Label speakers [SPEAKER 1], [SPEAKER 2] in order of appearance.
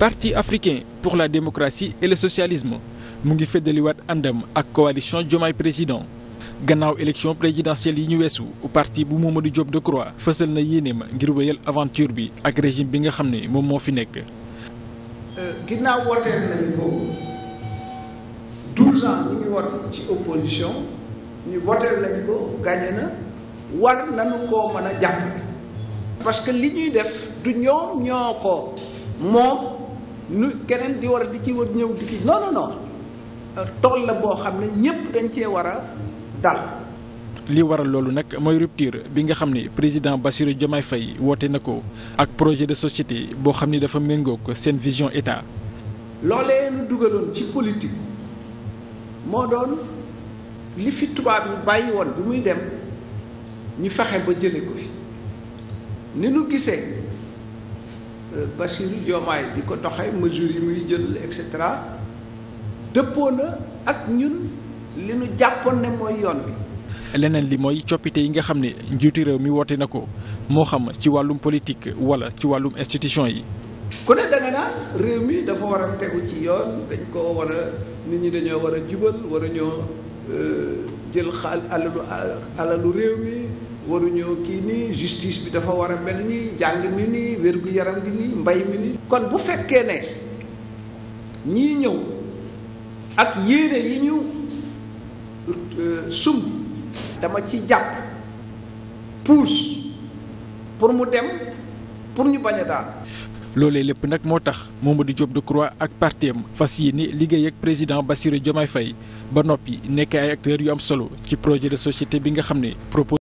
[SPEAKER 1] parti africain pour la démocratie et le socialisme mu ngi feddaliwaat àndam ak coalition Diomaye président gannaaw élection présidentielle yi ñu weesu parti bu Mamadou de Decroix fësal na yéeneem ngir wéyal aventure bi ak régime bi nga xam ne moom moo fi nekk.
[SPEAKER 2] Euh, ginnaaw wooteel nañu ko 12 ans ñu ngi war ci opposition ñu wooteel nañu ko gagné na war nañu koo mën a parce que li ñuy def du ñoom ñoo ko moom. nu keneen di war a di ci wër ñëw di ci non non non euh, tool la boo xam ne ñëpp dañ cee war a dal.
[SPEAKER 1] li waral loolu nag mooy rupture bi nga xam ne président Bassirou Diomaye fay woote na ko ak projet de société boo xam ni dafa méngoo ko seen vision état.
[SPEAKER 2] loolee nu dugaloon ci politique moo doon li fi tubaab yi bàyyi woon bi muy dem ñu fexe ba jële ko fi ni nu gisee. Bassirou Diomaye di ko doxee mesures yi muy jël et cetera dëppoo na ak ñun li nu jàppoon ne mooy yoon wi.
[SPEAKER 1] leneen li mooy coppite yi nga xam ne njiitu réew mi woote na ko moo xam ci wàllum politique wala ci wàllum institution yi.
[SPEAKER 2] ku ne danga naan réew mi dafa war a tegu ci yoon dañ ko war a nit ñi dañoo war a jubal war a ñoo euh, jël xaal alalu réew mi. waruñoo kii nii justice bi dafa war a mel nii jàng mi nii wér-gu-yaram gi nii mbay mi nii kon bu fekkee ne ñii ñëw ak yéene yi ñu euh, sumb dama ci jàpp pousse pour mu dem pour ñu bañ a daal
[SPEAKER 1] loolee lépp nag moo tax moom di Mamadou Diop Decroix ak partem fas ni liggéey ak président Bassirou Diomaye fay ba noppi nekk ay acteurs yu am solo ci projet de société bi nga xam ne